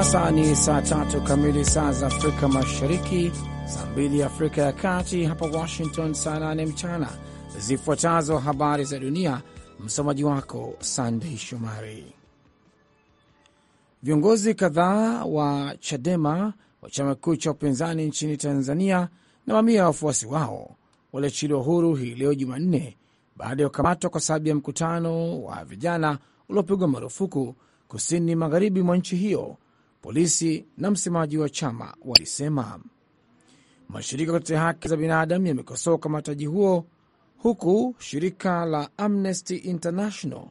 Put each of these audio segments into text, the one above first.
sasa ni saa tatu kamili saa za Afrika Mashariki, saa mbili Afrika ya Kati, hapa Washington saa nane mchana. Zifuatazo habari za dunia, msomaji wako Sandei Shomari. Viongozi kadhaa wa CHADEMA wa chama kikuu cha upinzani nchini Tanzania na mamia ya wafuasi wao waliachiliwa huru hii leo Jumanne baada ya kukamatwa kwa sababu ya mkutano wa vijana uliopigwa marufuku kusini magharibi mwa nchi hiyo polisi na msemaji wa chama walisema. Mashirika kutetea haki za binadamu yamekosoa ukamataji huo, huku shirika la Amnesty International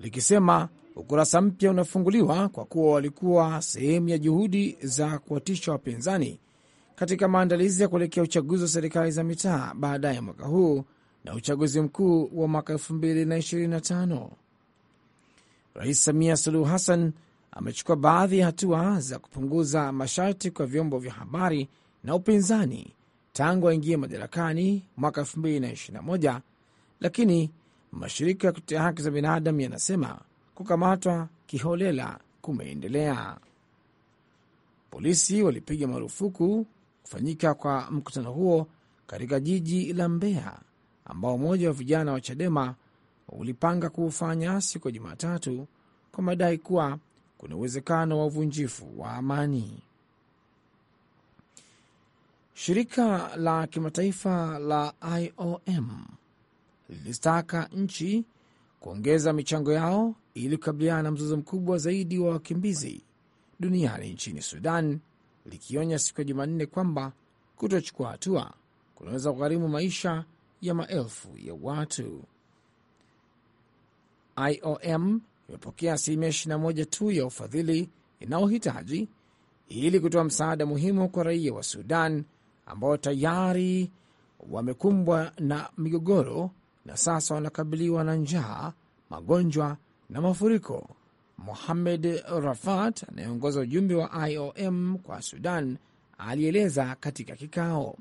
likisema ukurasa mpya unafunguliwa kwa kuwa walikuwa sehemu ya juhudi za kuwatisha wapinzani katika maandalizi ya kuelekea uchaguzi wa serikali za mitaa baadaye mwaka huu na uchaguzi mkuu wa mwaka 2025. Rais Samia Suluhu Hassan amechukua baadhi ya hatua za kupunguza masharti kwa vyombo vya habari na upinzani tangu aingie madarakani mwaka 2021, lakini mashirika ya kutetea haki za binadamu yanasema kukamatwa kiholela kumeendelea. Polisi walipiga marufuku kufanyika kwa mkutano huo katika jiji la mbea ambao mmoja wa vijana wa Chadema ulipanga kuufanya siku ya Jumatatu kwa madai kuwa kuna uwezekano wa uvunjifu wa amani. Shirika la kimataifa la IOM lilitaka nchi kuongeza michango yao ili kukabiliana na mzozo mkubwa zaidi wa wakimbizi duniani nchini Sudan, likionya siku ya Jumanne kwamba kutochukua hatua kunaweza kugharimu maisha ya maelfu ya watu. IOM imepokea asilimia 21 tu ya ufadhili inayohitaji ili kutoa msaada muhimu kwa raia wa Sudan ambao tayari wamekumbwa na migogoro na sasa wanakabiliwa na njaa, magonjwa na mafuriko. Mohamed Rafat anayeongoza ujumbe wa IOM kwa Sudan alieleza katika kikao,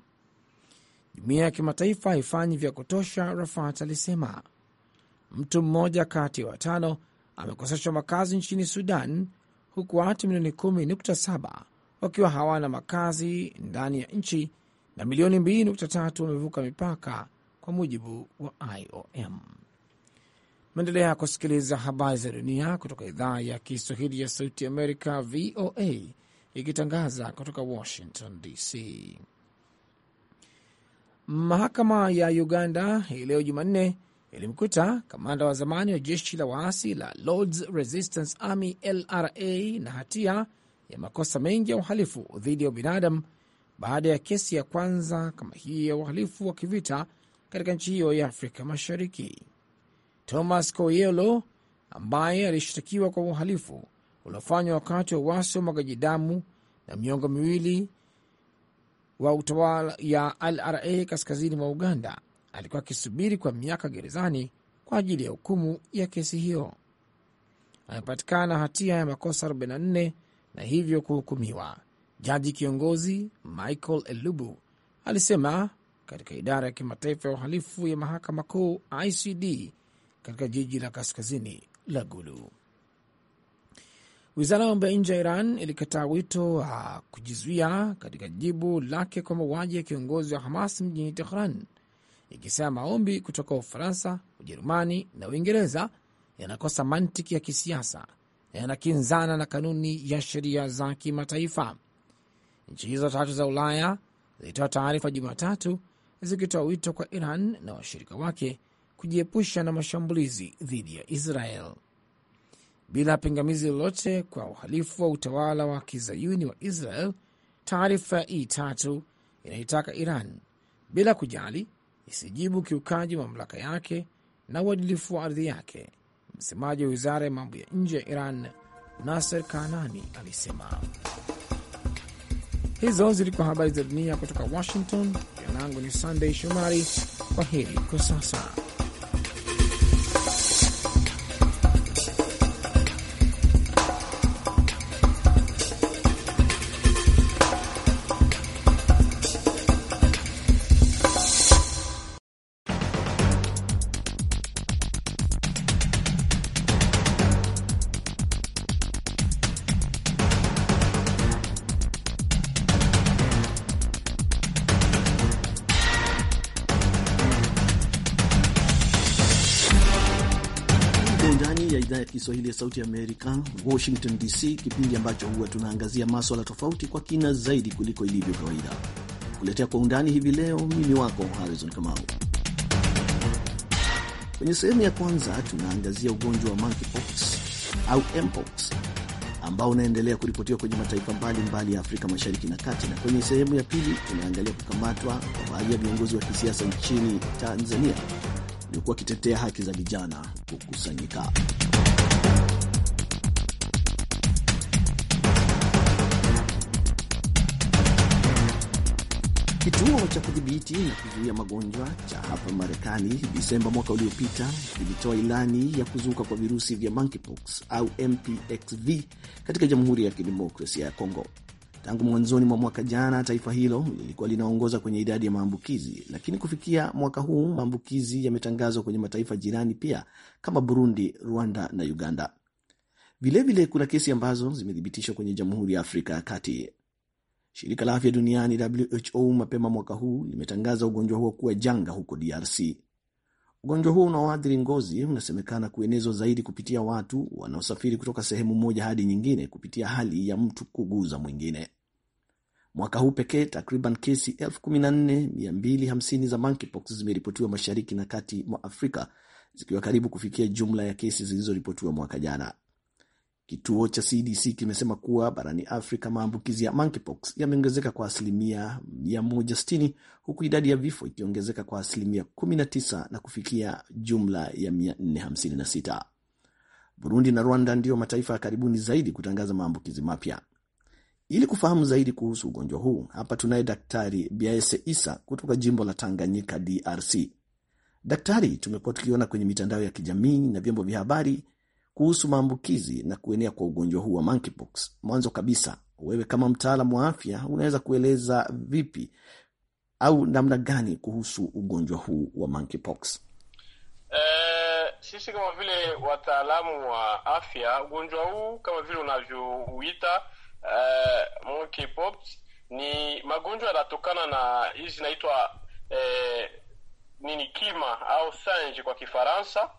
jumuiya ya kimataifa haifanyi vya kutosha. Rafat alisema mtu mmoja kati ya watano amekoseshwa makazi nchini Sudan, huku watu milioni 10.7 wakiwa hawana makazi ndani ya nchi na milioni 2.3 wamevuka mipaka, kwa mujibu wa IOM. Maendelea kusikiliza habari za dunia kutoka idhaa ya Kiswahili ya Sauti Amerika, VOA, ikitangaza kutoka Washington DC. Mahakama ya Uganda hii leo Jumanne ilimkuta kamanda wa zamani wa jeshi la waasi la Lords Resistance Army LRA na hatia ya makosa mengi ya uhalifu dhidi ya ubinadamu baada ya kesi ya kwanza kama hii ya uhalifu wa kivita katika nchi hiyo ya Afrika Mashariki. Thomas coyelo ambaye alishtakiwa kwa uhalifu uliofanywa wakati wa uasi wa mwagaji damu na miongo miwili wa utawala ya LRA kaskazini mwa Uganda alikuwa akisubiri kwa miaka gerezani kwa ajili ya hukumu ya kesi hiyo. Amepatikana hatia ya makosa 44 na hivyo kuhukumiwa. Jaji kiongozi Michael Elubu alisema katika idara ya kimataifa ya uhalifu ya mahakama kuu ICD katika jiji la kaskazini la Gulu. Wizara ya mambo ya nje ya Iran ilikataa wito wa kujizuia katika jibu lake kwa mauaji ya kiongozi wa Hamas mjini Tehran ikisema maombi kutoka Ufaransa, Ujerumani na Uingereza yanakosa mantiki ya kisiasa na yanakinzana na kanuni ya sheria za kimataifa. Nchi hizo tatu za Ulaya zilitoa taarifa Jumatatu zikitoa wito kwa Iran na washirika wake kujiepusha na mashambulizi dhidi ya Israel bila pingamizi lolote kwa uhalifu wa utawala wa kizayuni wa Israel. Taarifa ya E tatu inaitaka Iran bila kujali isijibu kiukaji wa mamlaka yake na uadilifu wa ardhi yake, msemaji wa wizara ya mambo ya nje ya Iran Naser Kanani alisema. Hizo zilikuwa habari za dunia kutoka Washington. Jina langu ni Sandey Shomari. Kwa heri kwa sasa. Sauti ya Amerika, Washington DC, kipindi ambacho huwa tunaangazia maswala tofauti kwa kina zaidi kuliko ilivyo kawaida. Kuletea kwa undani hivi leo, mimi wako Harrison Kamau. Kwenye sehemu ya kwanza tunaangazia ugonjwa wa monkeypox au mpox ambao unaendelea kuripotiwa kwenye mataifa mbalimbali ya Afrika Mashariki na Kati, na kwenye sehemu ya pili tunaangalia kukamatwa kwa baadhi ya viongozi wa kisiasa nchini Tanzania waliokuwa wakitetea haki za vijana kukusanyika. Kituo cha kudhibiti na kuzuia magonjwa cha hapa Marekani Disemba mwaka uliopita kilitoa ilani ya kuzuka kwa virusi vya monkeypox au MPXV katika Jamhuri ya Kidemokrasia ya Kongo. Tangu mwanzoni mwa mwaka jana, taifa hilo lilikuwa linaongoza kwenye idadi ya maambukizi, lakini kufikia mwaka huu maambukizi yametangazwa kwenye mataifa jirani pia kama Burundi, Rwanda na Uganda. Vilevile vile kuna kesi ambazo zimethibitishwa kwenye Jamhuri ya Afrika ya Kati. Shirika la afya duniani WHO mapema mwaka huu limetangaza ugonjwa huo kuwa janga huko DRC. Ugonjwa huo unaoathiri ngozi unasemekana kuenezwa zaidi kupitia watu wanaosafiri kutoka sehemu moja hadi nyingine kupitia hali ya mtu kuguza mwingine. Mwaka huu pekee takriban kesi 14250 za monkeypox zimeripotiwa mashariki na kati mwa Afrika, zikiwa karibu kufikia jumla ya kesi zilizoripotiwa mwaka jana. Kituo cha CDC kimesema kuwa barani Afrika maambukizi ya monkeypox yameongezeka kwa asilimia 160 huku idadi ya vifo ikiongezeka kwa asilimia 19 na kufikia jumla ya 456. Burundi na Rwanda ndiyo mataifa ya karibuni zaidi kutangaza maambukizi mapya. Ili kufahamu zaidi kuhusu ugonjwa huu, hapa tunaye Daktari Biaese Isa kutoka jimbo la Tanganyika, DRC. Daktari, tumekuwa tukiona kwenye mitandao ya kijamii na vyombo vya habari kuhusu maambukizi na kuenea kwa ugonjwa huu wa monkeypox. Mwanzo kabisa, wewe kama mtaalamu wa afya unaweza kueleza vipi au namna gani kuhusu ugonjwa huu wa monkeypox? Eh, sisi kama vile wataalamu wa afya, ugonjwa huu kama vile unavyouita uh, monkeypox ni magonjwa yanatokana na hii zinaitwa uh, nini kima au sanji kwa Kifaransa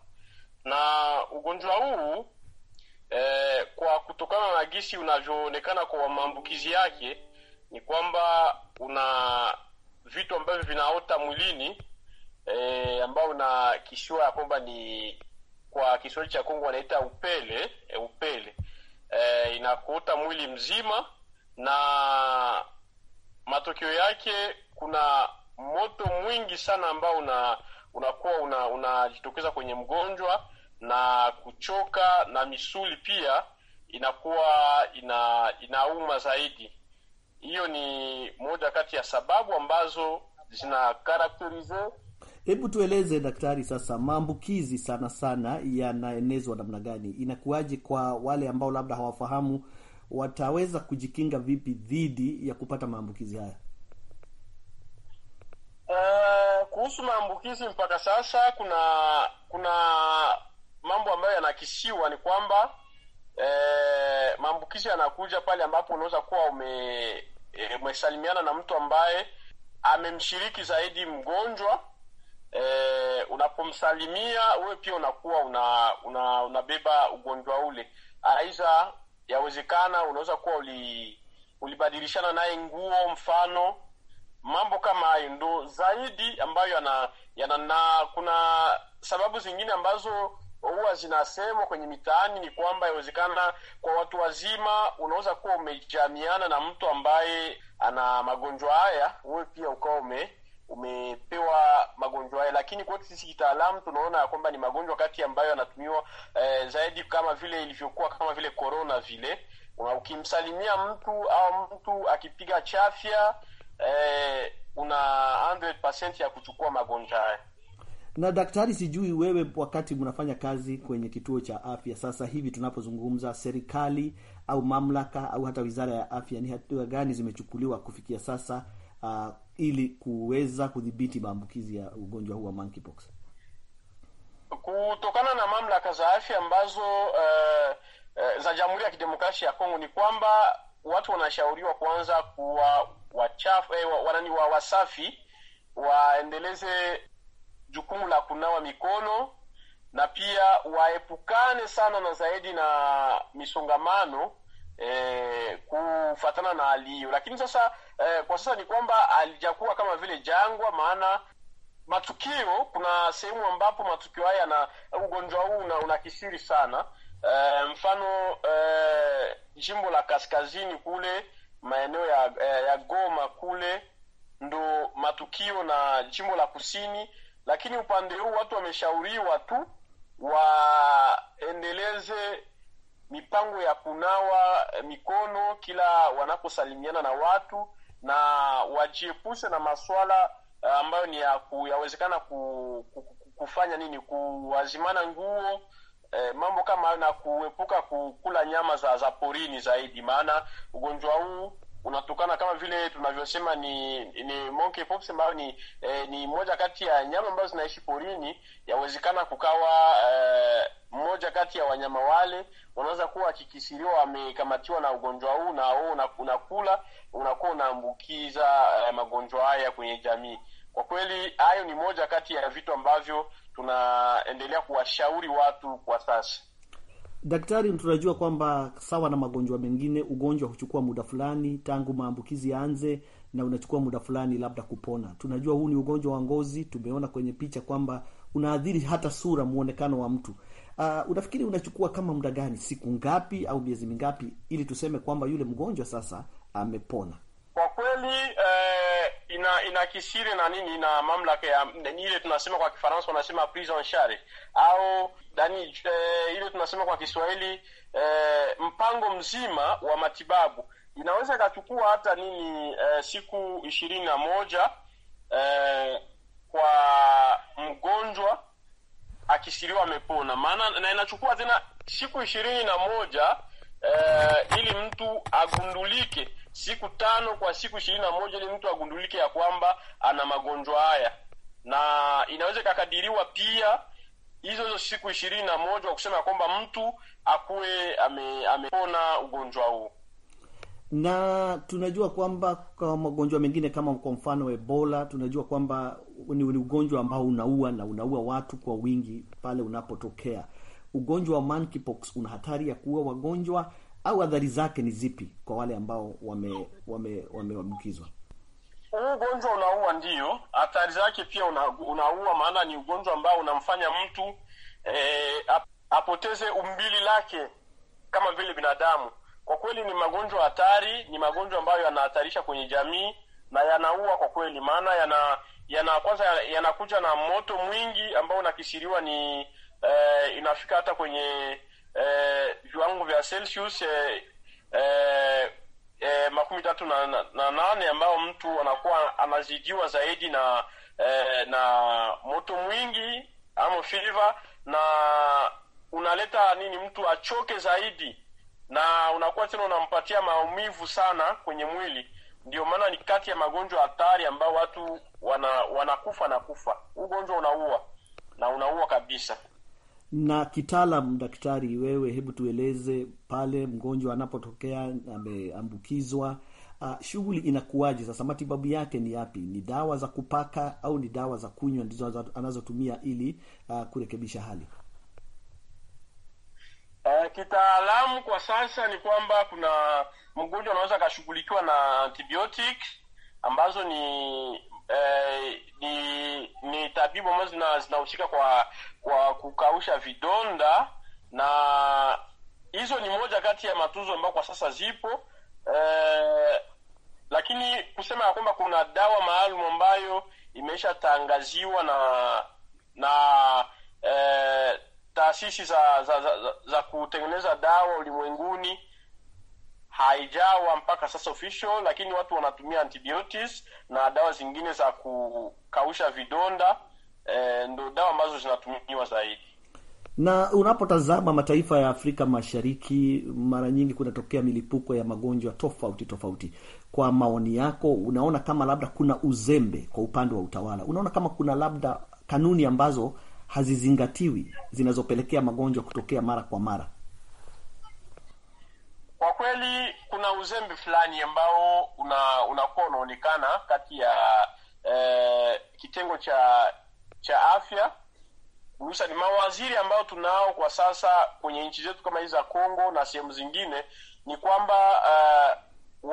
na ugonjwa huu eh, kwa kutokana na gisi unavyoonekana kwa maambukizi yake ni kwamba una vitu ambavyo vinaota mwilini eh, ambao una kisiwa ya kwamba ni kwa Kiswahili cha Kongo wanaita upele e, upele e, inakuota mwili mzima, na matokeo yake kuna moto mwingi sana ambao una unakuwa unajitokeza una kwenye mgonjwa na kuchoka na misuli pia inakuwa ina, inauma zaidi. Hiyo ni moja kati ya sababu ambazo zina karakterize. Hebu tueleze daktari, sasa maambukizi sana sana yanaenezwa namna gani? Inakuwaje kwa wale ambao labda hawafahamu, wataweza kujikinga vipi dhidi ya kupata maambukizi haya? Uh, kuhusu maambukizi mpaka sasa kuna kuna mambo ambayo yanakishiwa ni kwamba eh, maambukizi yanakuja pale ambapo unaweza kuwa ume eh, umesalimiana na mtu ambaye amemshiriki zaidi mgonjwa eh, unapomsalimia wewe pia unakuwa una, una unabeba ugonjwa ule. aiza yawezekana unaweza kuwa uli, ulibadilishana naye nguo, mfano mambo kama hayo ndo zaidi ambayo yana, yana na kuna sababu zingine ambazo huwa zinasemwa kwenye mitaani ni kwamba inawezekana kwa watu wazima unaweza kuwa umejamiana na mtu ambaye ana magonjwa haya, wewe pia ukawa ume umepewa magonjwa haya, lakini kwetu sisi kitaalamu tunaona ya kwamba ni magonjwa kati ambayo yanatumiwa eh, zaidi kama vile ilivyokuwa kama vile korona vile ukimsalimia mtu au mtu akipiga chafya eh, una 100% ya kuchukua magonjwa haya na daktari, sijui wewe, wakati mnafanya kazi kwenye kituo cha afya sasa hivi tunapozungumza, serikali au mamlaka au hata wizara ya afya, ni hatua gani zimechukuliwa kufikia sasa uh, ili kuweza kudhibiti maambukizi ya ugonjwa huu wa monkeypox? Kutokana na mamlaka za afya ambazo uh, uh, za Jamhuri ya Kidemokrasia ya Kongo ni kwamba watu wanashauriwa kuanza kuwa wachafu eh, wanani wa wasafi waendeleze kunawa mikono na pia waepukane sana na zaidi na misongamano eh, kufatana na hali hiyo. Lakini sasa eh, kwa sasa ni kwamba alijakuwa kama vile jangwa, maana matukio, kuna sehemu ambapo matukio haya na ugonjwa huu una, unakisiri sana eh, mfano eh, jimbo la kaskazini kule maeneo ya, eh, ya Goma kule ndo matukio na jimbo la kusini lakini upande huu watu wameshauriwa tu waendeleze mipango ya kunawa mikono kila wanaposalimiana na watu na wajiepuse na maswala eh, ambayo ni ya yawezekana ku, ku, kufanya nini kuwazimana nguo eh, mambo kama hayo na kuepuka kukula nyama za, za porini zaidi, maana ugonjwa huu unatokana kama vile tunavyosema ni ni monkeypox ambayo ni eh, ni moja kati ya nyama ambazo zinaishi porini. Yawezekana kukawa eh, mmoja kati ya wanyama wale unaweza kuwa akikisiriwa amekamatiwa na ugonjwa huu, na huu unakula unakuwa unaambukiza eh, magonjwa haya kwenye jamii. Kwa kweli hayo ni moja kati ya vitu ambavyo tunaendelea kuwashauri watu kwa sasa. Daktari, tunajua kwamba sawa na magonjwa mengine, ugonjwa huchukua muda fulani tangu maambukizi yaanze na unachukua muda fulani labda kupona. Tunajua huu ni ugonjwa wa ngozi, tumeona kwenye picha kwamba unaathiri hata sura, muonekano wa mtu. Uh, unafikiri unachukua kama muda gani, siku ngapi au miezi mingapi, ili tuseme kwamba yule mgonjwa sasa amepona kwa kweli? Eh ina kisiri na nini na mamlaka ya ile tunasema kwa Kifaransa wanasema prise share au dani e, eh, ile tunasema kwa Kiswahili e, mpango mzima wa matibabu inaweza ikachukua hata nini e, siku ishirini na moja e, kwa mgonjwa akisiriwa amepona, maana na inachukua tena siku ishirini na moja uh, ili mtu agundulike siku tano kwa siku ishirini na moja ili mtu agundulike ya kwamba ana magonjwa haya, na inaweza ikakadiriwa pia hizo hizo siku ishirini na moja wa kusema ya kwamba mtu akuwe amepona ame ugonjwa huu na tunajua kwamba kwa magonjwa mengine kama kwa mfano Ebola, tunajua kwamba ni, ni ugonjwa ambao unaua na unaua watu kwa wingi pale unapotokea ugonjwa wa monkeypox una hatari ya kuua wagonjwa au adhari zake ni zipi kwa wale ambao wameambukizwa? wame, wame, huu ugonjwa unaua, ndiyo. Hatari zake pia una, unaua, maana ni ugonjwa ambao unamfanya mtu e, apoteze umbili lake kama vile binadamu. Kwa kweli ni magonjwa hatari, ni magonjwa ambayo yanahatarisha kwenye jamii na yanaua kwa kweli, maana yana, yana kwanza yanakuja na moto mwingi ambao unakisiriwa ni eh, inafika hata kwenye eh, viwango vya Celsius eh, eh, eh, makumi tatu na, na, na nane ambayo mtu anakuwa anazijiwa zaidi na eh, na moto mwingi ama fiva na unaleta nini mtu achoke zaidi na unakuwa tena unampatia maumivu sana kwenye mwili. Ndio maana ni kati ya magonjwa hatari ambayo watu wana, wanakufa na kufa. Ugonjwa unaua na unaua kabisa na kitaalam, daktari, wewe hebu tueleze pale mgonjwa anapotokea ameambukizwa, uh, shughuli inakuwaje sasa? Matibabu yake ni yapi? Ni dawa za kupaka au ni dawa za kunywa ndizo anazotumia ili uh, kurekebisha hali? Uh, kitaalamu kwa sasa ni kwamba kuna mgonjwa anaweza akashughulikiwa na antibiotic ambazo ni eh, ni, ni tabibu ambazo zinahusika kwa kwa kukausha vidonda, na hizo ni moja kati ya matunzo ambayo kwa sasa zipo eh, lakini kusema ya kwamba kuna dawa maalum ambayo imeisha tangaziwa na na eh, taasisi za za, za za kutengeneza dawa ulimwenguni haijawa mpaka sasa official, lakini watu wanatumia antibiotics na dawa zingine za kukausha vidonda e, eh, ndo dawa ambazo zinatumiwa zaidi. Na unapotazama mataifa ya Afrika Mashariki, mara nyingi kunatokea milipuko ya magonjwa tofauti tofauti. Kwa maoni yako, unaona kama labda kuna uzembe kwa upande wa utawala? Unaona kama kuna labda kanuni ambazo hazizingatiwi zinazopelekea magonjwa kutokea mara kwa mara? kweli kuna uzembe fulani ambao unakuwa una unaonekana kati ya eh, kitengo cha cha afya hususani mawaziri ambayo tunao kwa sasa kwenye nchi zetu kama hizi za congo na sehemu zingine, ni kwamba uh,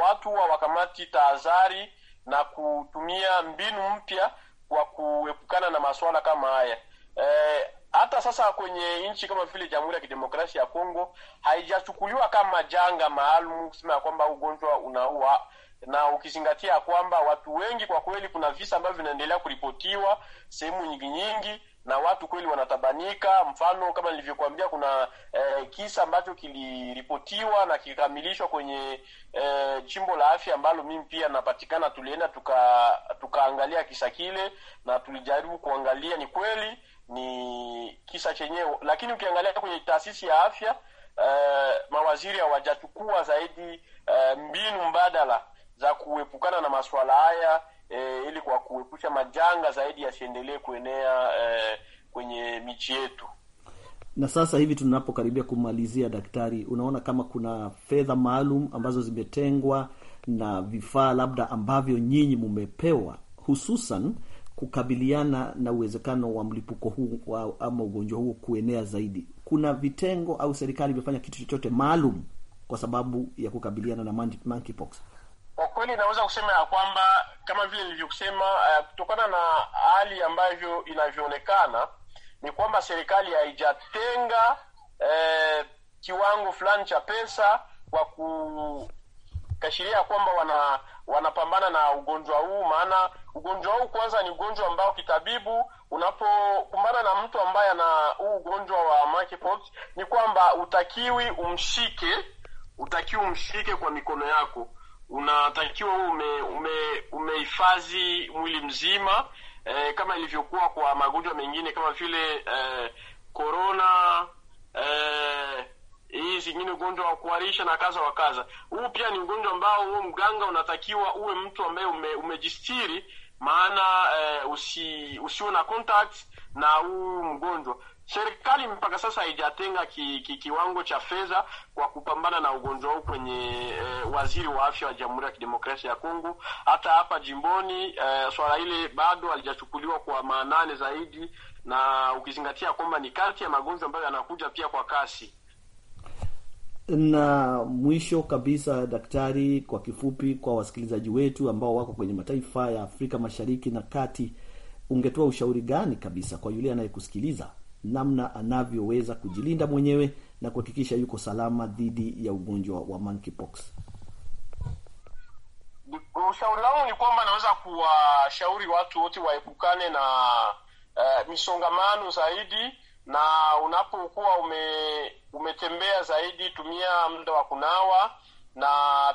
watu hawakamati tahadhari na kutumia mbinu mpya kwa kuepukana na masuala kama haya eh, hata sasa kwenye nchi kama vile Jamhuri ya Kidemokrasia ya Kongo haijachukuliwa kama janga maalum kusema ya kwamba ugonjwa unaua, na ukizingatia kwamba watu wengi kwa kweli, kuna visa ambavyo vinaendelea kuripotiwa sehemu nyingi nyingi na watu kweli wanatabanika. Mfano kama nilivyokuambia, kuna eh, kisa ambacho kiliripotiwa na kikamilishwa kwenye eh, jimbo la afya ambalo mimi pia napatikana. Tulienda tuka, tukaangalia kisa kile na tulijaribu kuangalia ni kweli ni kisa chenyewe, lakini ukiangalia kwenye taasisi ya afya uh, mawaziri hawajachukua zaidi uh, mbinu mbadala za kuepukana na masuala haya eh, ili kwa kuepusha majanga zaidi yasiendelee kuenea eh, kwenye michi yetu. Na sasa hivi tunapokaribia kumalizia, daktari, unaona kama kuna fedha maalum ambazo zimetengwa na vifaa labda ambavyo nyinyi mumepewa hususan kukabiliana na uwezekano wa mlipuko huu wa, ama ugonjwa huo kuenea zaidi. Kuna vitengo au serikali imefanya kitu chochote maalum kwa sababu ya kukabiliana na monkeypox? Kwa kweli naweza kusema ya kwamba kama vile nilivyokusema, uh, eh, kutokana na hali ambavyo inavyoonekana ni kwamba serikali haijatenga uh, kiwango fulani cha pesa kwa kukashiria kwamba wana wanapambana na ugonjwa huu. Maana ugonjwa huu kwanza ni ugonjwa ambao kitabibu, unapokumbana na mtu ambaye ana huu ugonjwa wa monkeypox, ni kwamba utakiwi umshike, utakiwi umshike kwa mikono yako, unatakiwa huu umehifadhi ume, mwili mzima eh, kama ilivyokuwa kwa magonjwa mengine kama vile eh, corona eh, hii zingine ugonjwa wa kuharisha na kaza wa kaza. Huu pia ni ugonjwa ambao huo mganga unatakiwa uwe mtu ambaye ume, umejistiri maana eh, usi, usiwe na contact na huu mgonjwa. Serikali mpaka sasa haijatenga ki, ki, kiwango cha fedha kwa kupambana na ugonjwa huu kwenye eh, waziri wa afya wa Jamhuri ya Kidemokrasia ya Kongo. Hata hapa jimboni eh, swala hili bado halijachukuliwa kwa maanane zaidi, na ukizingatia kwamba ni kati ya magonjwa ambayo yanakuja pia kwa kasi. Na mwisho kabisa, daktari, kwa kifupi, kwa wasikilizaji wetu ambao wako kwenye mataifa ya Afrika Mashariki na Kati, ungetoa ushauri gani kabisa kwa yule anayekusikiliza namna anavyoweza kujilinda mwenyewe na kuhakikisha yuko salama dhidi ya ugonjwa wa monkeypox? Ushauri wangu ni kwamba naweza kuwashauri watu wote waepukane na uh, misongamano zaidi na unapokuwa ume, umetembea zaidi, tumia muda wa kunawa, na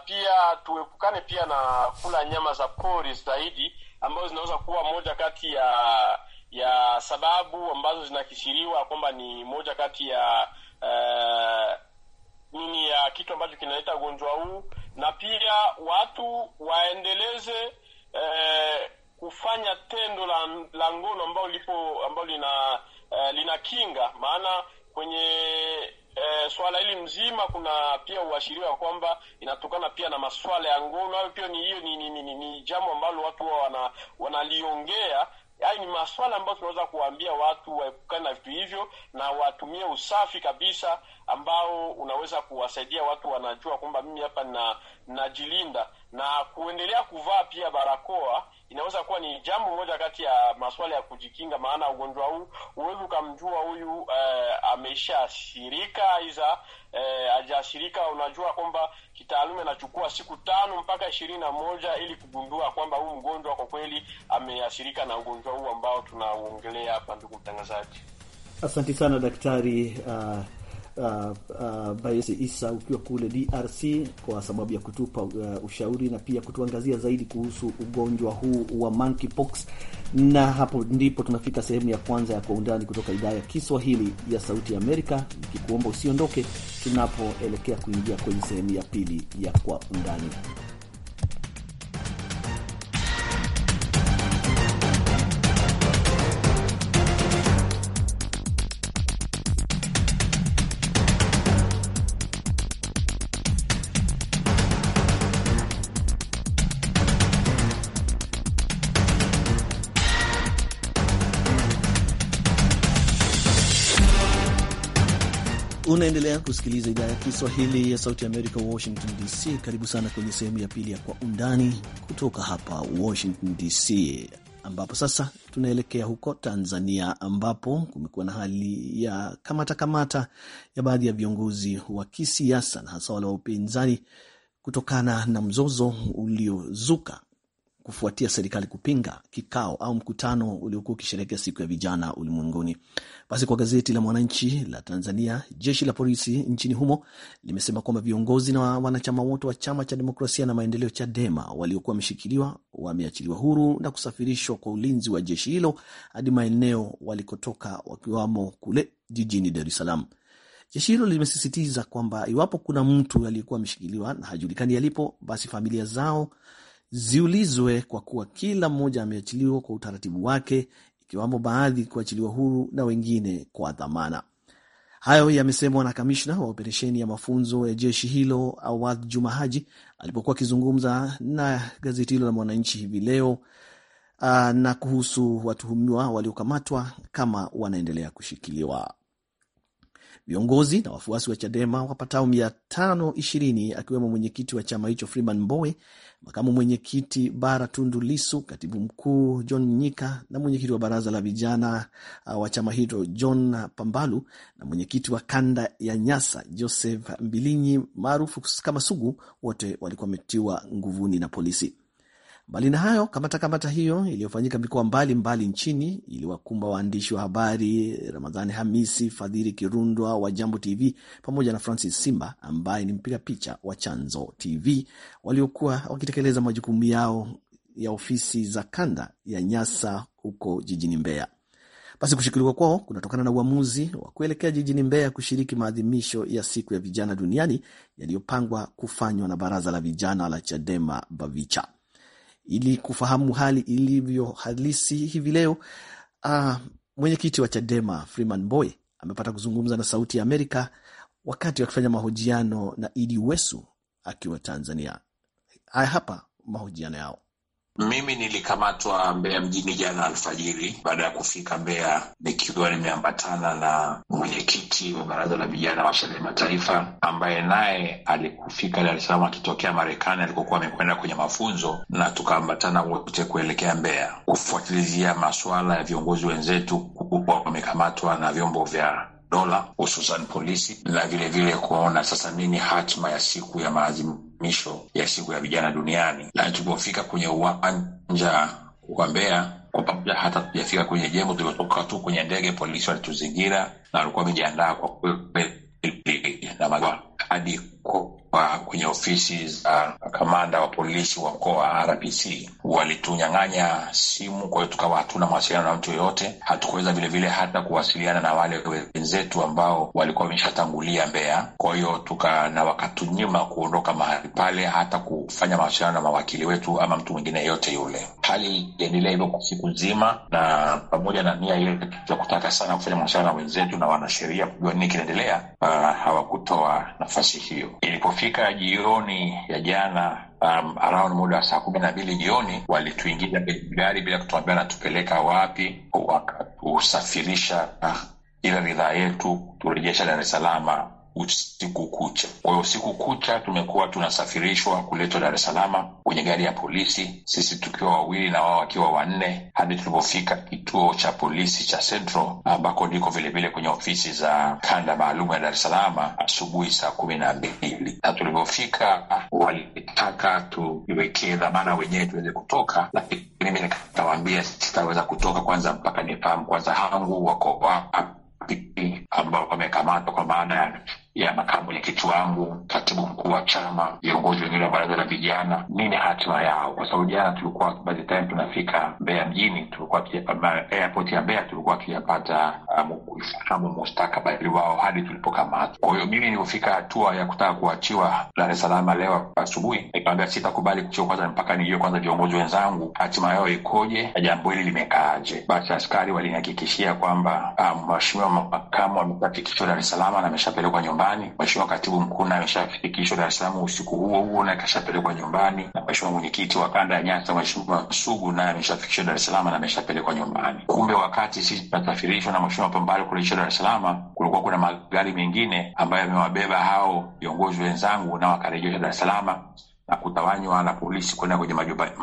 pia tuepukane pia na kula nyama za pori zaidi, ambazo zinaweza kuwa moja kati ya ya sababu ambazo zinakisiriwa kwamba ni moja kati ya uh, nini ya kitu ambacho kinaleta ugonjwa huu, na pia watu waendeleze uh, kufanya tendo la, la ngono ambao lipo ambao lina Eh, lina kinga, maana kwenye E, swala hili mzima kuna pia uashiria wa kwamba inatokana pia na maswala ya ngono hayo. Pia ni hiyo ni, ni, ni, ni jambo ambalo watu wa wana, wanaliongea. Yaani ni maswala ambayo tunaweza kuwaambia watu waepukane na vitu hivyo na watumie usafi kabisa, ambao unaweza kuwasaidia watu wanajua kwamba mimi hapa nina najilinda na kuendelea kuvaa pia barakoa inaweza kuwa ni jambo moja kati ya masuala ya kujikinga, maana ugonjwa huu huwezi ukamjua huyu eh, ameshaashirika iza eh, ajaashirika. Unajua kwamba kitaaluma inachukua siku tano mpaka ishirini na moja ili kugundua kwamba huyu mgonjwa kwa kweli ameashirika na ugonjwa huu ambao tunauongelea hapa. Ndugu mtangazaji, asante sana daktari uh, Uh, uh, Bayesi Isa ukiwa kule DRC kwa sababu ya kutupa uh, ushauri na pia kutuangazia zaidi kuhusu ugonjwa huu wa monkeypox. Na hapo ndipo tunafika sehemu ya kwanza ya Kwa Undani kutoka idhaa ya Kiswahili ya Sauti ya Amerika, nikikuomba usiondoke tunapoelekea kuingia kwenye sehemu ya pili ya Kwa Undani. Unaendelea kusikiliza idhaa ya Kiswahili ya Sauti ya Amerika, Washington DC. Karibu sana kwenye sehemu ya pili ya Kwa Undani kutoka hapa Washington DC, ambapo sasa tunaelekea huko Tanzania, ambapo kumekuwa na hali ya kamatakamata kamata ya baadhi ya viongozi wa kisiasa na hasa wale wa upinzani kutokana na mzozo uliozuka kufuatia serikali kupinga kikao au mkutano uliokuwa ukisherehekea siku ya vijana ulimwenguni. Basi kwa gazeti la Mwananchi la Tanzania, jeshi la polisi nchini humo limesema kwamba viongozi na wanachama wote wa chama cha demokrasia na maendeleo CHADEMA waliokuwa wameshikiliwa wameachiliwa huru na kusafirishwa kwa ulinzi wa jeshi hilo hadi maeneo walikotoka, wakiwamo kule jijini Dar es Salaam. Jeshi hilo limesisitiza kwamba iwapo kuna mtu aliyekuwa ameshikiliwa na hajulikani alipo, basi familia zao ziulizwe kwa kuwa kila mmoja ameachiliwa kwa utaratibu wake, ikiwamo baadhi kuachiliwa huru na wengine kwa dhamana. Hayo yamesemwa na kamishna wa operesheni ya mafunzo ya jeshi hilo Awadh Juma Haji alipokuwa akizungumza na gazeti hilo la Mwananchi hivi leo ah, na kuhusu watuhumiwa waliokamatwa kama wanaendelea kushikiliwa. Viongozi na wafuasi wa Chadema wapatao mia tano ishirini akiwemo mwenyekiti wa chama hicho Freeman Mbowe, makamu mwenyekiti Bara Tundu Lisu, katibu mkuu John Nyika na mwenyekiti wa baraza la vijana uh, wa chama hicho John Pambalu na mwenyekiti wa kanda ya Nyasa Joseph Mbilinyi maarufu kama Sugu, wote walikuwa wametiwa nguvuni na polisi. Mbali na hayo, kamatakamata hiyo iliyofanyika mikoa mbalimbali nchini iliwakumba waandishi wa habari Ramadhani Hamisi, Fadhiri Kirundwa wa Jambo TV pamoja na Francis Simba ambaye ni mpiga picha wa Chanzo TV waliokuwa wakitekeleza majukumu yao ya ofisi za kanda ya Nyasa huko jijini Mbeya. Basi kushikiliwa kwao kunatokana na uamuzi wa kuelekea jijini Mbeya kushiriki maadhimisho ya siku ya vijana duniani yaliyopangwa kufanywa na baraza la vijana la Chadema BAVICHA ili kufahamu hali ilivyo halisi hivi leo. Uh, mwenyekiti wa Chadema Freeman boy amepata kuzungumza na Sauti ya Amerika wakati wakifanya mahojiano na Idi Wesu akiwa Tanzania. Haya hapa mahojiano yao. Mimi nilikamatwa Mbeya mjini jana alfajiri, baada ya kufika Mbeya nikiwa nimeambatana na mwenyekiti wa baraza la vijana wa Chadema Taifa, ambaye naye alikufika Dar es Salaam akitokea Marekani alikokuwa amekwenda kwenye mafunzo, na tukaambatana wote kuelekea Mbeya kufuatilizia masuala ya viongozi wenzetu wamekamatwa na vyombo vya dola hususan polisi, na vilevile kuona sasa nini hatima ya siku ya maadhimisho maadhimisho ya siku ya vijana duniani, na tulipofika kwenye uwanja wa Mbeya kwa pamoja, hata tujafika kwenye jengo, tulivyotoka tu kwenye ndege, polisi walituzingira na walikuwa wamejiandaa kwa kweli na hadi wa kwenye ofisi za kamanda wa polisi wa mkoa wa RPC walitunyang'anya simu, kwa hiyo tukawa hatuna mawasiliano na mtu yoyote. Hatukuweza vilevile hata kuwasiliana na wale wenzetu ambao walikuwa wameshatangulia Mbeya, kwa hiyo tuka na wakatunyima kuondoka mahali pale, hata kufanya mawasiliano na mawakili wetu ama mtu mwingine yeyote yule. Hali iliendelea hivyo kwa siku nzima, na pamoja na nia ile ya kutaka sana kufanya mawasiliano na wenzetu na wanasheria kujua nini kinaendelea, ah, hawakutoa nafasi hiyo ilipofika katika jioni ya jana um, around muda wa saa kumi na mbili jioni walituingiza gari bila kutuambia wanatupeleka wapi, wakatusafirisha ila ah, ile yetu kuturejesha Dar es Salaam usiku kucha. Kwa hiyo usiku kucha tumekuwa tunasafirishwa kuletwa Dar es Salaam kwenye gari ya polisi, sisi tukiwa wawili na wao wakiwa wanne, hadi tulipofika kituo cha polisi cha Central ambako ndiko vilevile kwenye ofisi za kanda maalum ya Dar es Salaam asubuhi saa kumi na mbili na tulivyofika walitaka tuiwekee dhamana wenyewe tuweze kutoka, lakini mimi nikawaambia sitaweza kutoka kwanza mpaka nifahamu kwanza hangu wako wapi ambao wamekamatwa kwa maana ya ya makamu mwenyekiti wangu, katibu mkuu wa chama, viongozi wengine wa baraza la vijana, nini hatima yao? Kwa sababu jana tulikuwa by the time tunafika Mbeya mjini, tulikuwa airport ya Mbeya, tulikuwa tujapata uh, kamu um, mustakabali wao hadi tulipokamata. Kwa hiyo mimi nilivyofika hatua ya kutaka kuachiwa Dar es Salaam leo asubuhi, nikawambia sitakubali kuchiwa kwanza mpaka nijue kwanza viongozi wenzangu hatima yao ikoje na jambo hili limekaaje. Basi askari walinihakikishia kwamba uh, mheshimiwa um, makamu amepata kichwa Dar es Salaam na ameshapelekwa nyumbani nyumbani. Mheshimiwa Katibu Mkuu naye ameshafikishwa Dar es Salaam usiku huo huo na kashapelekwa nyumbani, na Mheshimiwa Mwenyekiti wa Kanda ya Nyasa Mheshimiwa Sugu naye ameshafikishwa Dar es Salaam na ameshapelekwa nyumbani. Kumbe wakati sisi tunasafirishwa na Mheshimiwa Pambale kurejesha Dar es Salaam, kulikuwa kuna magari mengine ambayo yamewabeba hao viongozi wenzangu, na wakarejesha Dar es Salaam na kutawanywa na polisi kwenda kwenye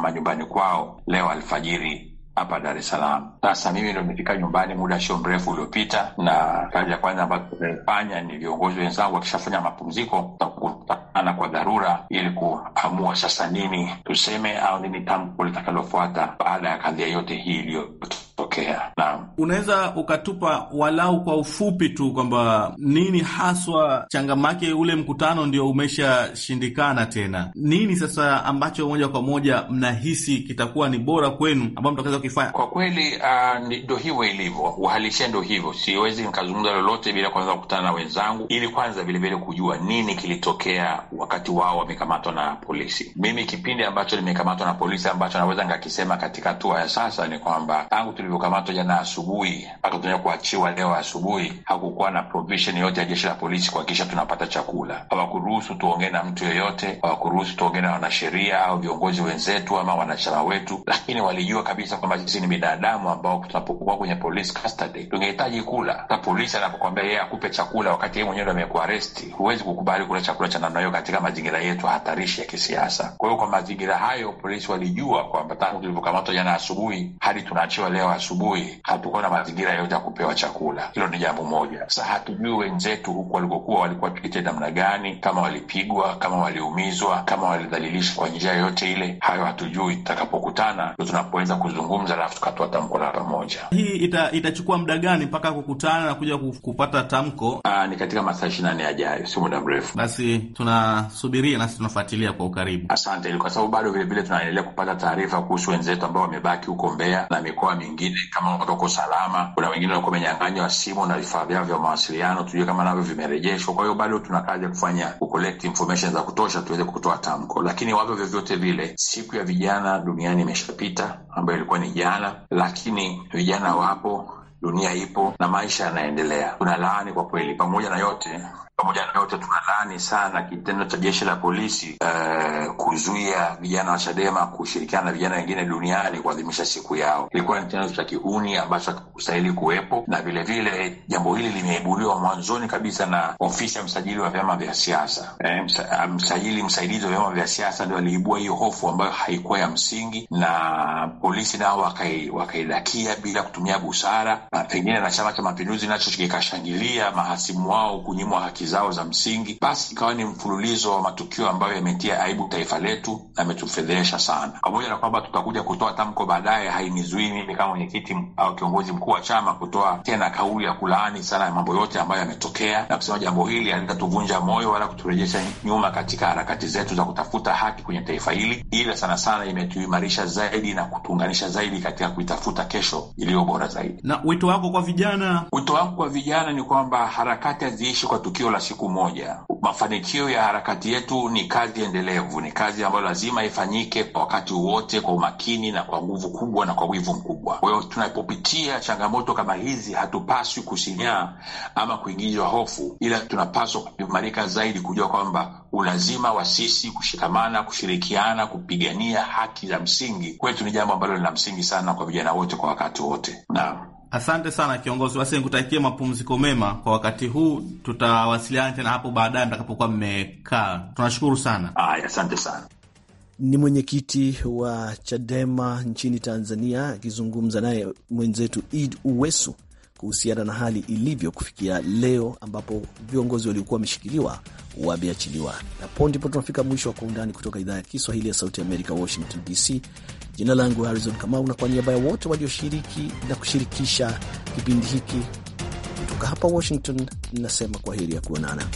majumbani kwao leo alfajiri hapa Dar es Salaam. Sasa mimi ndo nimefika nyumbani muda sio mrefu uliopita, na kazi ya kwanza ambayo tutaifanya ni viongozi wenzangu wakishafanya mapumziko, tutakutana kwa dharura ili kuamua sasa nini tuseme au nini tamko litakalofuata baada ya kadhia yote hii iliyotokea. Naam, unaweza ukatupa walau kwa ufupi tu kwamba nini haswa changamake, ule mkutano ndio umeshashindikana tena, nini sasa ambacho moja kwa moja mnahisi kitakuwa ni bora kwenu ambao wakifanya. Kwa kweli ah, ndo hivyo ilivyo, uhalisia ndo hivyo. Siwezi nikazungumza lolote bila kwanza kukutana na wenzangu, ili kwanza vilevile kujua nini kilitokea wakati wao wamekamatwa na polisi. Mimi kipindi ambacho nimekamatwa na polisi, ambacho naweza nikakisema katika hatua ya sasa ni kwamba tangu tulivyokamatwa jana asubuhi mpaka tunaa kuachiwa leo asubuhi, hakukuwa na provision yote ya jeshi la polisi kuhakikisha tunapata chakula. Hawakuruhusu tuongee na mtu yoyote, hawakuruhusu tuongee na wanasheria au viongozi wenzetu ama wanachama wetu, lakini walijua kabisa kwamba kwamba sisi ni binadamu ambao tunapokuwa kwenye police custody tungehitaji kula. Sa polisi anapokwambia yeye akupe chakula wakati yeye mwenyewe amekuaresti, huwezi kukubali kula chakula cha namna hiyo katika mazingira yetu hatarishi ya kisiasa. Kwa hiyo kwa mazingira hayo, polisi walijua kwamba tangu tulivyokamatwa jana asubuhi hadi tunaachiwa leo asubuhi hatukuwa na mazingira yote ya kupewa chakula. Hilo ni jambo moja. Sasa hatujui wenzetu huku walikokuwa walikuwa tukite namna gani, kama walipigwa, kama waliumizwa, kama walidhalilishwa kwa njia yoyote ile. Hayo hatujui, tutakapokutana ndo tunapoweza kuzungumza kuzungumza, alafu tukatoa tamko la pamoja. Hii ita, itachukua muda gani mpaka kukutana na kuja kupata tamko? Aa, ni katika masaa ishirini na yajayo, si muda mrefu. Basi tunasubiria nasi tunafuatilia kwa ukaribu. Asante, kwa sababu bado vilevile tunaendelea kupata taarifa kuhusu wenzetu ambao wamebaki huko Mbeya na mikoa mingine, kama watoko salama. Kuna wengine walikuwa wamenyang'anywa simu na vifaa vyao vya mawasiliano, tujue kama navyo vimerejeshwa. Kwa hiyo bado tuna kazi ya kufanya kukolekti information za kutosha tuweze kutoa tamko, lakini wavyo vyovyote vile, siku ya vijana duniani imeshapita ambayo ilikuwa ni vijana, lakini vijana wapo, dunia ipo na maisha yanaendelea. laani kwa kweli, pamoja na yote pamoja na yote, tunalaani sana kitendo cha jeshi la polisi uh, kuzuia vijana wa Chadema kushirikiana na vijana wengine duniani kuadhimisha siku yao. Ilikuwa ni kitendo cha kihuni ambacho hakikustahili kuwepo, na vilevile jambo hili limeibuliwa mwanzoni kabisa na ofisi ya msajili wa vyama vya siasa. eh, msa, ah, msajili msaidizi wa vyama vya siasa ndio aliibua hiyo hofu ambayo haikuwa ya msingi, na polisi nao wakaidakia bila kutumia busara, na pengine na Chama cha Mapinduzi nacho kikashangilia mahasimu wao kunyimwa haki haki zao za msingi, basi ikawa ni mfululizo wa matukio ambayo yametia aibu taifa letu na ametufedhehesha sana. Pamoja na kwamba tutakuja kutoa tamko baadaye, hainizuii mimi kama mwenyekiti au kiongozi mkuu wa chama kutoa tena kauli ya kulaani sana mambo yote ambayo yametokea na kusema jambo hili halitatuvunja moyo wala kuturejesha nyuma katika harakati zetu za kutafuta haki kwenye taifa hili, ila sana sana imetuimarisha zaidi na kutuunganisha zaidi katika kuitafuta kesho iliyo bora zaidi. Na wito wako kwa vijana? Wito wangu kwa vijana ni kwamba harakati haziishi kwa tukio la siku moja. Mafanikio ya harakati yetu ni kazi endelevu, ni kazi ambayo lazima ifanyike kwa wakati wote, kwa umakini na kwa nguvu kubwa na kwa wivu mkubwa. Kwa hiyo tunapopitia changamoto kama hizi, hatupaswi kusinyaa ama kuingizwa hofu, ila tunapaswa kuimarika zaidi, kujua kwamba ulazima wa sisi kushikamana, kushirikiana, kupigania haki za msingi kwetu ni jambo ambalo lina msingi sana kwa vijana wote kwa wakati wote. Naam. Asante sana kiongozi wasi, nikutakie mapumziko mema kwa wakati huu. Tutawasiliana tena hapo baadaye mtakapokuwa mmekaa. Tunashukuru sana. Aya, asante sana. Ni mwenyekiti wa Chadema nchini Tanzania akizungumza naye mwenzetu Id Uwesu kuhusiana na hali ilivyo kufikia leo, ambapo viongozi waliokuwa wameshikiliwa wameachiliwa. napo ndipo tunafika mwisho wa Kwa Undani kutoka idhaa ya Kiswahili ya Sauti ya Amerika, Washington DC. Jina langu Harizon Kamau, na kwa niaba ya wote walioshiriki na kushirikisha kipindi hiki kutoka hapa Washington, ninasema kwa heri ya kuonana.